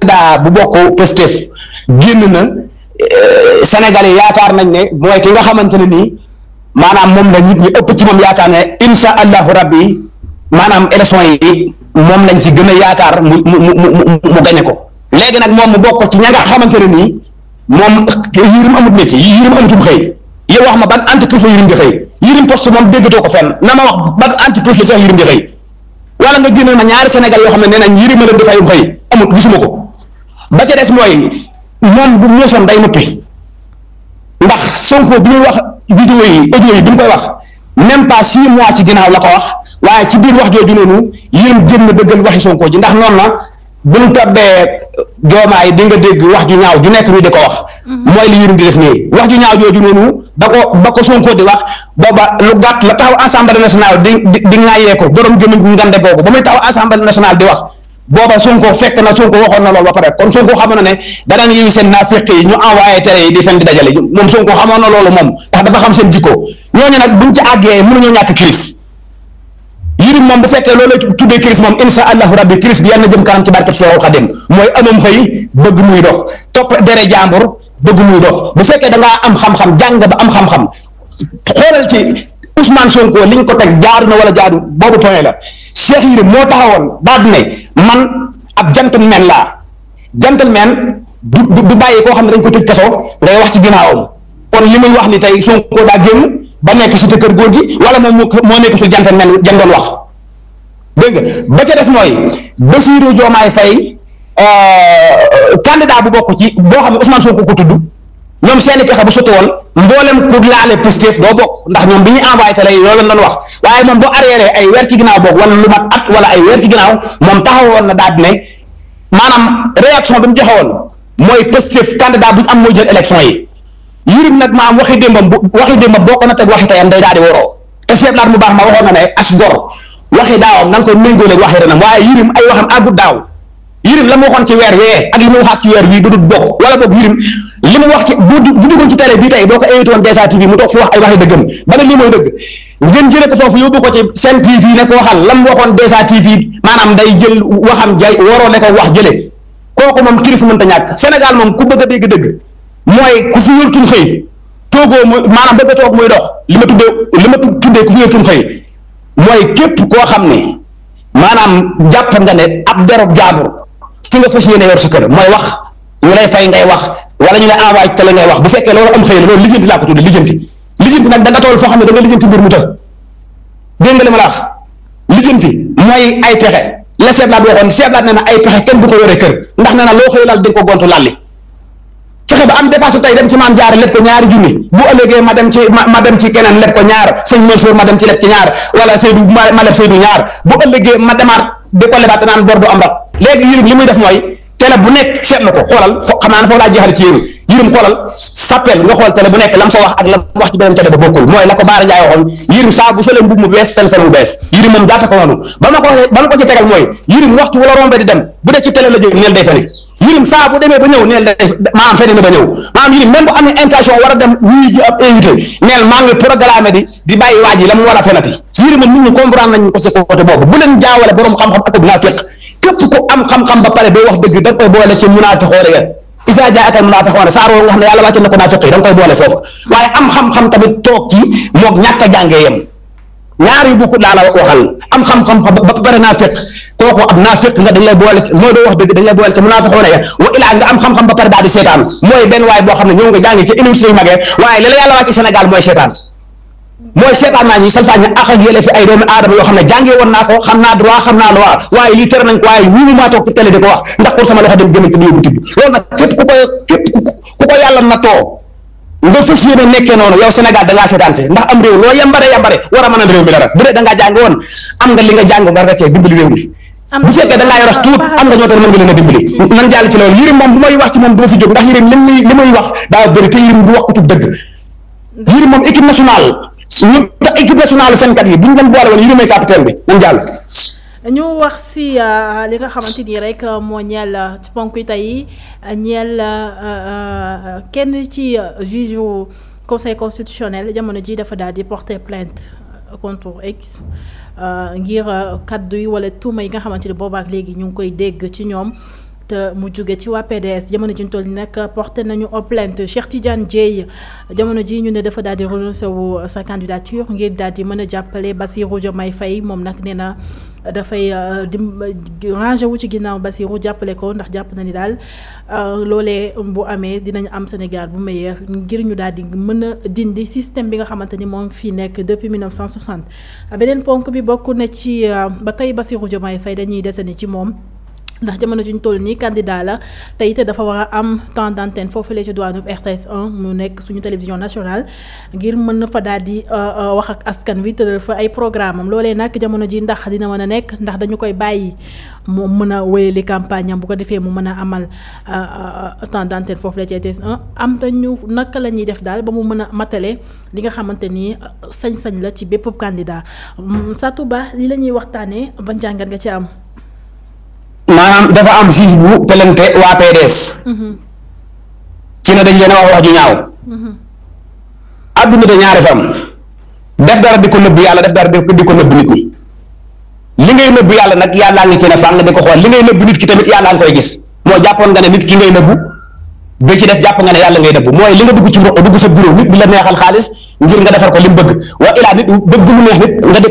daa bu bokk Pastef génn na euh, Sénégalais yaakaar nañ ne mooy ki nga xamante ne nii maanaam moom la nit ñi ëpp ci moom yaakaar ne insha allahu rabbi maanaam élection yi moom lañ ci gën a yaakaar mu mu mu mu mu gañe ko léegi nag moom mu bokk ci ña nga xamante ne nii moom yirim amut métier yirim amutum xëy yow wax ma ban entreprise la yirim di xëy yirim poste moom déggatoo ko fenn na ma wax ban entreprise la sax yirim di xëy wala nga jënd na ñaari senegal yoo xam ne nee nañ yëri ma leen di fayum xëy amul gisuma ko ba ca des mooy moom bu ñëwoon day noppi ndax Sonko bi muy wax vidéo yi audio koy wax même pas six mois ci ginnaaw la ko wax waaye ci biir wax jooju noonu yéen jëm na dëggal waxi Sonko ji ndax noonu na bu ñu tabbee joomaay di nga dégg wax ju ñaaw ju nekk ñu di ko wax. Mm-hmm. mooy li yëriñ di def nii wax ju ñaaw jooju noonu. ba ko ba ko Sonko di wax booba lu gàtt la taxaw assemblée nationale di di di ŋaayee gu ngande googu ba muy taxaw assemblée nationale di wax booba Sonko fekk na Sonko waxoon na loolu ba pare kon Sonko xamoon na ne danañ yi seen naafiq ñu envoyé tere yi di fen di dajale moom Sonko xamoon na loolu moom ndax dafa xam seen jikko ñooñu nag buñ ci àggee mënuñoo ñàkk crise yërim moom bu fekkee loolu la tuddee crise moom insha allahu rabbi crise bi bëgg muy dox bu fekkee da ngaa am xam-xam jàng ba am xam-xam xoolal ci Ousmane Sonko liñ ko teg jaaru na wala jaaru boobu point la Cheikh Yérim moo taxawoon daal ne man ab gentleman laa gentleman du du bàyyi koo xam ne dañ ko tëj kaso ngay wax ci ginnaawam kon li muy wax ni tey Sonko daa génn ba nekk si te kër góor gi wala moom moo nekk si gentleman jëm doon wax dégg nga ba des mooy Bassirou Diomaye Faye Euh, candidat bu bokk ci boo xam ne Ousmane Sonko ko tudd ñoom seeni pexe bu sotti woon mboolem ku laale Pastef doo bokk ndax ñoom bi ñu envoyé télé yi loolu lañ wax waaye moom boo arrière ay weer ci ginnaaw bokk wala lu mat at wala ay weer ci ginnaaw moom taxawoon na daal ne maanaam réaction bi mu joxe woon mooy Pastef candidat bu ñu am mooy jël élection yi yërim nag maam waxi démbam bu waxi démbam boo na teg waxi tayam day daal di waroo te mu baax ma waxoon na ne as gor waxi daawam na nga koy méngóoleeg waxi renam waaye yërim ay waxam àggut Yérim la mu waxoon ci weer wee ak li mu waxaat ci weer wii du dul bokk wala boog Yérim li wax ci bu bu duggoon ci télé bi tey boo ko invité woon DSA TV mu toog fi wax ay waxi dëggam ba ne lii mooy maanaam day jël waxam jaay waroo ne ko wax jëlee kooku moom kilifa mënta ñàkk Sénégal moom ku bëgg a dégg dëgg mooy ku fi wërtuñ xëy toogoo muy maanaam bëgg a toog muy dox li ma li ma tuddee ku fi wërtuñ xëy mooy képp koo xam ni maanaam jàpp nga ne ab derob jaabur si nga fas yéene yor sa kër mooy wax ñu lay fay ngay wax wala ñu lay envoyé télé ngay wax bu fekkee loolu am xëy na loolu lijjanti laa ko tudde lijjanti lijjanti nag da nga tool foo xam ne da nga mbir mu të dégg nga li ma la wax lijjanti mooy ay pexe la seetlaat waxoon seetlaat nee na ay pexe kenn du ko yoree kër ndax nee na loo xëy laal di nga ko gontu lalli fexe ba am dépasse tey dem ci maam jaar leb ko ñaari junni bu ëllëgee ma dem ci ma dem ci keneen leb ko ñaar sëñ Mansour ma dem ci leb ci ñaar wala Seydou ma leb Seydou ñaar bu ëllëgee ma demaat di ko lebaat danaan bor du am rab léegi yéen li muy def mooy télé bu nekk seetlu ko xoolal fo xam naa ne foofu laa jeexal ci yéen yërim sappel nga xool télé bu nekk lam fa wax ak lam wax ci beneen télé ba bokkul mooy la ko Baara Njaay bu mu bees fen fen la a mu war a fenati ko am xam-xam ba pare doo wax dëgg da koy boole ci munaafi xoore isa jaa akal munaafiquuna saar woowu nga xam ne yàlla wàcce na ko naafiq yi da nga koy boole foofu waaye am xam-xam tamit toog ci moog ñàkk a jàngee yem ñaar yu bokkul laa la waxal am xam-xam ba pare naafiq kooku ab naafiq nga dañ lay boole mooy doo wax dëgg dañ lay boole ca munaafiquuna ya wa ilaa nga am xam-xam ba pare daal di seetaan mooy benn waay boo xam ne ñëw nga jàngee ci université yu magee waaye li la yàlla wàcce Sénégal mooy seetaan mooy seetaan naa ñuy salfaañe ak ak yële fi ay doomi aadama yoo xam ne jàngee woon naa ko xam naa droit xam naa loi waaye lii tere nañ ko waaye ñii maa toog ko ko yàlla na too nga fas yéene nekkee noonu yow Sénégal dangaa seetaan si ndax am réew loo yambare yambare war a mën a réew mi dara bu dee dangaa jàng woon am nga li nga jàng nga rëccee dimbali réew mi bu fekkee dangaa ci loolu yërim moom bu may wax ci moom du ma fi jóg ndax yërim li muy wax daa bëri te yërim du wax ñun équipe nationale fenkat yi bu ñu leen boole woon yërëmee capitaine bi moom jàll. wax si euh, li nga xamante ni rek euh, moo ñeel euh, ci ponk yi tey ñeel kenn ci juge conseil constitutionnel jamono ji dafa daal di porter plainte contre X ngir kaddu yi wala tuuma yi nga xamante ni boobaak léegi ñu ngi koy dégg ci ñoom. te euh, mu jóge ci waa PDS jamono ji ñu toll nag porté nañu plainte Cheikh Tidiane Dieye jamono ji ñu ne dafa daal di renoncé wu euh, sa candidature ngir daal di mën a jàppale rojo may Faye moom nag nee na euh, dafay di rangé wu ci ginnaaw Bassirou jàppale ko ndax jàpp na ni daal loolee bu amee dinañ am Sénégal bu meilleur ngir ñu daal di mën a dindi système bi nga xamante ni moom fii nekk depuis 1960 beneen ponk bi bokk na ci ba tey ba Bassirou Diomaye Faye dañuy desani ci moom. ndax jamono ñu toll nii candidat la tey te dafa war a am temps d'antenne foofulee ci doyen RTS 1 mu nekk suñu télévision nationale ngir mën na fa daal di euh, euh, wax ak askan wi tëral fa ay programme am loolee nag jamono ji ndax dina mën a nekk ndax dañu koy bàyyi moom mën a wéyali campagne am bu ko defee mu mën a amal euh, temps foofu foofulee ci RTS 1 am dañu naka la ñuy def daal ba mu mën a matale li nga xamante ni sañ-sañ la ci bépp candidat Satou Ba li la ñuy waxtaanee ban jàngat nga ci am. maanaam dafa am juge bu pelante waa PDS mhm. ci ne dañ leen a wax wax ju ñaaw àdduna mhm. de ñaari fam def dara di ko nëbb yàlla def dara di ko nëbb nit ñi li ngay nëbb yàlla nag yàllaa ngi ci ne fàng di ko xool li ngay nëbb nit ki tamit yàllaa ngi koy gis moo jàppoon nga ne nit ki ngay nëbb ba ci des jàpp nga ne yàlla ngay nëbb mooy li nga dugg ci dugg sa bureau nit di la neexal xaalis ngir nga defal ko li mu bëgg wa ilaa nit bëgg lu neex nit nga di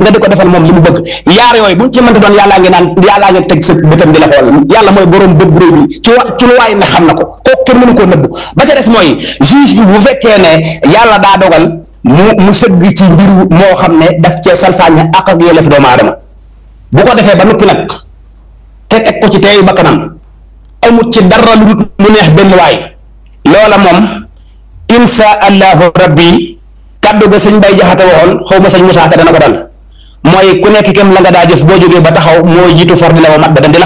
nga di ko defal moom li mu bëgg yaar yooyu bu ci mënta doon yàllaa ngi naan yàllaa ngi teg sa bëtam di la xool yàlla mooy borom bët bu rëy bi ci wa ci lu waay na xam na ko kooku kenn mënu koo nëbb ba des mooy juge bi bu fekkee ne yàlla daa dogal mu mu sëgg ci mbiru moo xam ne daf cee salfaañ ak ak yelleef doomu aadama bu ko defee ba noppi nag te teg ko ci teeyu bakkanam amut ci dara lu dul lu neex benn waay loola moom insha allahu rabbi kàddu ga sëñ Baye Jaxate waxoon xaw ma sëñ Moussa Ka dana ko dal mooy ku nekk kem la nga daa jëf boo jógee ba taxaw moo jiitu for di la wa mat ba dem di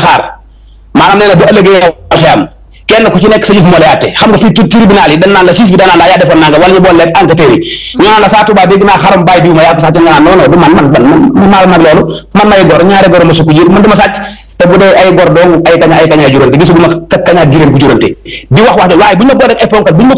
naan la siis defoon naa nga wala ñu boole ak enquêteurs yi ñu naan la saa Tuubaa dégg naa xaram bàyyi diw ma yaa ko sax nga naan du man man man loolu man may gor ñaari gor ma sukk jiir man dama sàcc te bu dee ay gor dong ay kaña ay kaña jurante gisuguma kaña giréen bu jurante di wax wax de waaye bu ñu ma booleeg ay ponkal bu ñu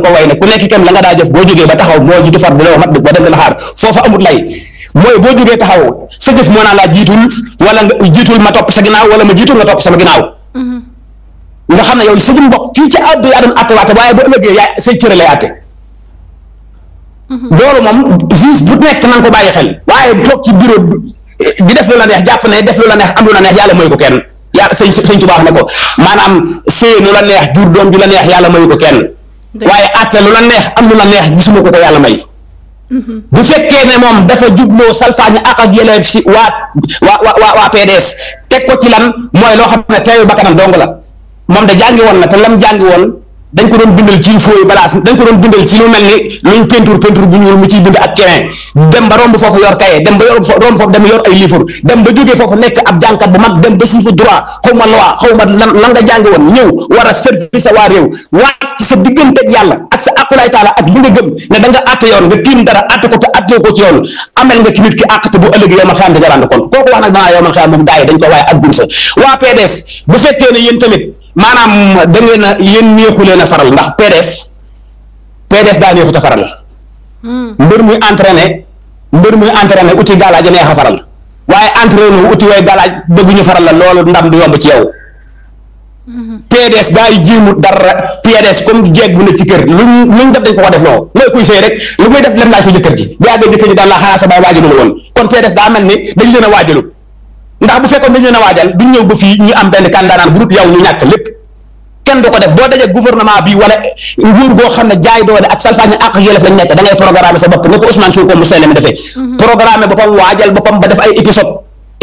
ko way ne ku nekk kenn la nga daa def boo jógee ba taxaw moo ji defar bu la mat lay mooy boo jógee taxaw sa jëf moo naan laa jiitul wala nga jiitul ma topp sa ginnaaw wala ma jiitul nga topp sama ginnaaw mm-hmm. nga xam ne yow sa jëm bopp fii ci àddu yaa doon atte waate waaye bu la yaa say cëre lay atte loolu moom juge bu nekk na nga ko bàyyi xel waaye toog ci bureau di def lu la neex jàpp ne def lu la neex am lu la neex yàlla mooy ko kenn yàlla sëñ sëñ Tuubaa ne ko maanaam sëy lu la neex jur doom ju la neex yàlla mayu ko kenn waaye àtte lu la neex am lu la neex suma ko ko yàlla may mm-hmm. bu fekkee ne moom dafa jubloo salfaañi ak ak yëleef si waa waa waa waa PDS teg ko ci lan mooy loo xam ne ba bakkanam dong la moom da jàngi woon na te lam jàngi woon dañ ko doon bindal doon bindal ci lu mel ni luñ peinture peinture bu ñuul woon ñëw war a service waa réew waat sa digganteeg yàlla ak sa aqulaay taala yoon nga tiim dara ki nit ki àqte waa PDS bu fekkee ne yéen tamit maanaam da ngeen a yéen neexu leen a faral ndax PDS PDS daa neexut a faral. Hmm. mbër muy entraîné mbër muy entraîné uti galaaj a neex a faral waaye entraîné uti way galaaj bëgguñu faral la loolu ndam du yomb ci yow. Hmm. PDS daay jéemu dara PDS comme jeeg bu ne ci kër lu muy def lem laaj ko jëkkër ji bu yàggee jëkkër ji daan laa xanaa sa baay waajulu la woon kon PDS daa mel ni dañ leen a waajalu ndax bu fekkoon dañ leen a waajal duñ ñëw ba fii ñu am benn candidat groupe yow ñu ñàkk lépp kenn du ko def boo dajee gouvernement bi wala nguur goo xam ne jaay doo ak ak yelef lañ nekk da ngay programme sa bopp ne ko mhm. ba def ay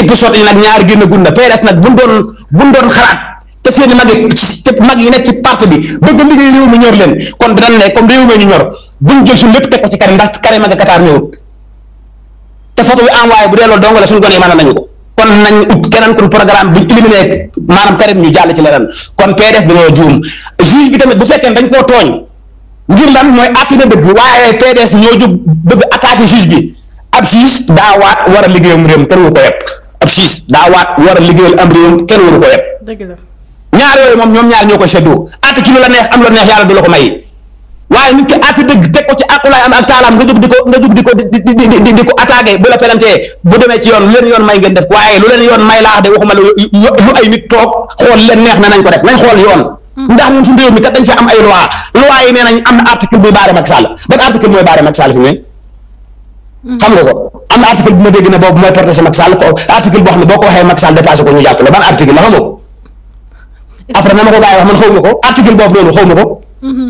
épisode ñaar génn gun na PDS yi nekk ci parti bi bëgg liggéey réew mi ñor leen kon dinañ ne comme réew mi ñu ñor buñ jël suñ lépp teg ko ci Karim ndax Karim ak Qatar ñëwut te photo yu envoyé bu dee loolu dong la suñu gone yi mën nañu ko kon nañ ut keneen kon programme buñ éliminé maanaam Karim ñu jàll ci leneen kon PDS dañoo juum juge bi tamit bu fekkee dañ koo tooñ ngir lan mooy àtte na dëgg waaye PDS ñoo jóg bëgg attaqué juge bi ab juge daa waat war a liggéeyam réew kenn waru ko yëpp ab juge daa waat war a liggéeyal am réew kenn waru ko yëpp ñaar yooyu moom ñoom ñaar ñoo ko seddoo àtte ci la neex am la neex yàlla du la ko may waaye nit ki àtt dëgg teg ko ci àqulaay am ak taalaam nga jóg di ko ko ci yoon lu def na yoon mm. ndax ñun suñu réew mi kat dañ fi am ay loi loi yi nee nañ am na article buy baare mooy baare Macky Sall fi mm. boobu mooy protéger Macky Sall ban article la xam nga après na ma ko gars yi man xaw ma ko article boobu noonu xaw ma ko mm-hmm.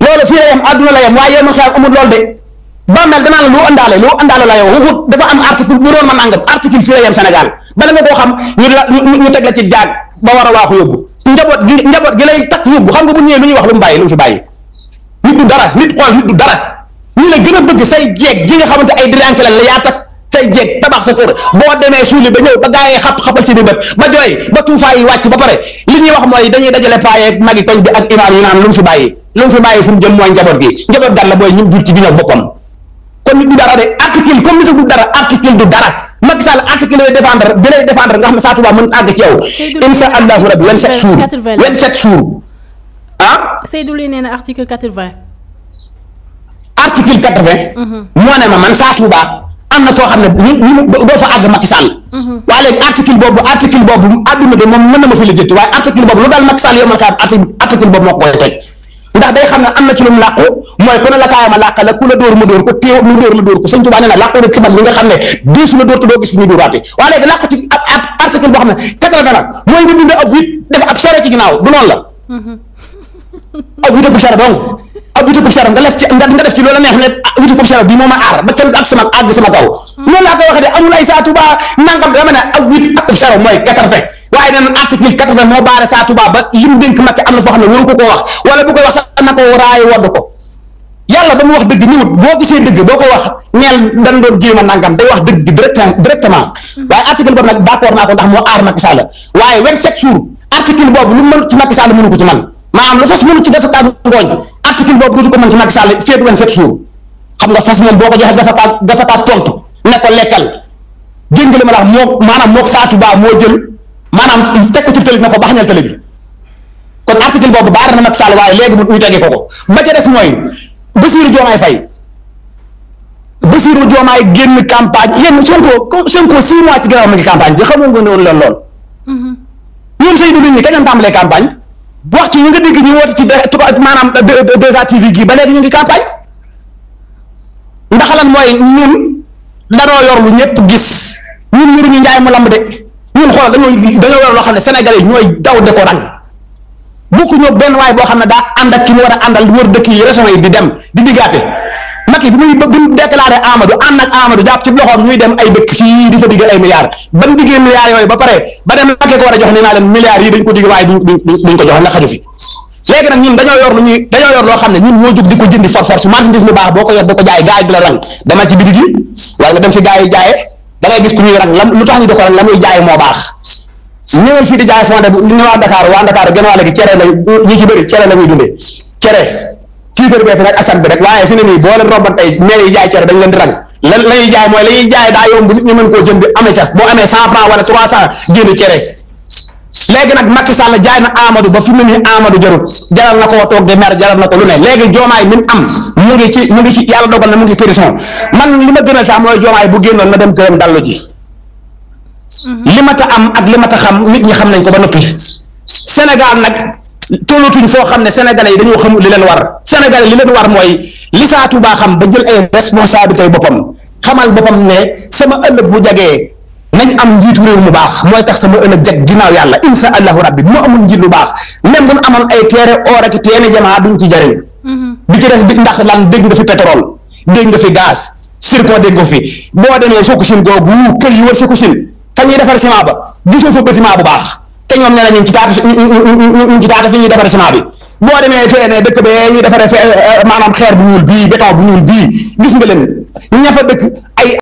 loolu fii la yem àdduna la yem waaye yow man xel amul loolu de bàmmeel danaa la loo andaale loo andaale la yow waxut dafa am article bu doon mën nangam article fii la yem Sénégal bala ba war a xam nga bu ñëwee lu ñuy wax lu mu bàyyi lu mu fi bàyyi nit du dara nit xool nit du dara ñi la gën a bëgg say jeeg yi nga xamante ay dirànke la yaa takk say jeeg tabax sa kër boo demee mu du dara de article du dara article du dara Macky Sall ci yow insha allahu rabbi 27 jours 27 jours ah mhm. man saa tubaab am na foo xam ne doo fa àgg Macky Sall mhm. waaye léegi boobu article boobu àdduna bi moom mën na ma fi lijjanti waaye article boobu lu daal Macky Sall yomal kaam article am na ci lu mooy ku ne la kaayama làqa la ku la dóor ma dóor ko téew mu dóor ma dóor ko sëñ Tuubaa na làqu na ci man li nga xam ne diis ma dóor te doo gis ñu dóoraate waaye léegi làqu ci ab article boo xam ne quatre-vingt mooy nga bind ab huit def ab sore ci ginnaaw ah wuti kub saraf nga def loola neex ne ah wuti kub saraf bi moo aar ba kenn ak sama àgg sama kaw loolu laa ko waxee de amul ay kub saraf mooy quatre-vingts waaye nee na article quatre moo baare saa tuba ba lim dénk Macky am na foo xam ne ko wax wala bu koy wax sax na ko raay wodd ko ba mu wax dëgg ñëwut boo gisee dëgg boo ko wax neel dañ doon jéem a nangam day wax dëgg directement waaye article boobu nag d'accord naa ko ndax mu mënut article boobu dootu ko mën ci Macky Sall féet wen sept jours xam nga fas moom boo ko joxee dafa taa dafa taa tontu ne lekkal dégg nga li ma la wax moo maanaam saatu baa moo jël maanaam teg ko ci télé bi ne ko baxañal télé bi kon article boobu baare na Macky Sall waaye léegi mu ñu tegee ba ca des mooy Bassirou Diomaye Faye Bassirou Diomaye génn campagne yéen Sonko Sonko six mois ci gannaaw mi ngi campagne bi xamoo nga ne woon lool lool. ñoom mm-hmm. Seydou Ly ñi kañ la tàmbalee bokk yi nga dégg ñu woote ci de maanaam 2A TV gii ba léegi ñu ngi campagne ndax lan mooy ñun danoo yor lu ñëpp gis ñun ñu ñu njaay mu lamb de ñun xoolal dañoo dañoo yor loo xam ne Sénégalais yi ñooy daw de ko rang. bokku ñoo benn waay boo xam ne daa ànd ak ki mu war a àndal wër dëkk yi région yi di dem di diggaate Macky bi muy bi mu déclaré Amadou ànd ak Amadou jàpp ci loxoom ñuy dem ay dëkk fii di fa diggal ay milliards ba mu diggee milliards yooyu ba pare ba dem Macky ko war a jox nee naa leen milliards yi dañ ko digg waaye duñ ñuy dañoo yor ne ñun ko jëndi for force marchandise dem fi gaay yi jaayee gis ku ñuy rang lu tax ñu di ko rang la muy jaay moo baax ñëwal fii di jaay fonde li ne waa waa Dakar genn wàll gi cere la ñu ci bëri cere la ñuy cere tiitar bee fi nag asan bi rek waaye fi ne nii boo leen romban tey mel yi jaay cere dañ leen di rang la ñuy jaay mooy la jaay na Amadou ba fi mu ne nii Amadou jarul jaral na koo toog de mer jaral na ko lu ne léegi joomaay min am mu ngi ci mu ngi ci yàlla dogal na mu ngi prison man li ma gënal sax mooy joomaay bu génnoon na dem këram dallu ji mm-hmm. li ma ta am ak li ma ta xam nit ñi xam nañ ko ba noppi Sénégal nag tollatuñ foo xam ne sénégalais yi dañoo xamul li leen war sénégalais li leen war mooy li Sa Touba xam ba jël ay responsabilités boppam xamal boppam ne sama ëllëg bu jagee nañ am njiitu réew mu baax mooy tax sama ëllëg jag ginnaaw yàlla insha allahu rabbi bu ma amul njiit lu baax même bu ñu amoon ay teere or ak teene jamaa duñ ci jëriñ mm-hmm. bi ci des ndax lan dégg nga fi pétrole dégg nga fi gaz circon dégg nga fi boo demee Fukushima googu kër yi wër Fukushima fa ñuy defar ciment ba gisoo fa bâtiment bu baax te ñoom nee na ñu ngi ci taatu ñu ngi ci taatu fi ñuy defaree ciment bi boo demee fee ne dëkk bee ñuy defaree euh, euh, maanaam xeer bu ñuul bii béton bu ñuul bi gis nga leen ña fa dëkk ay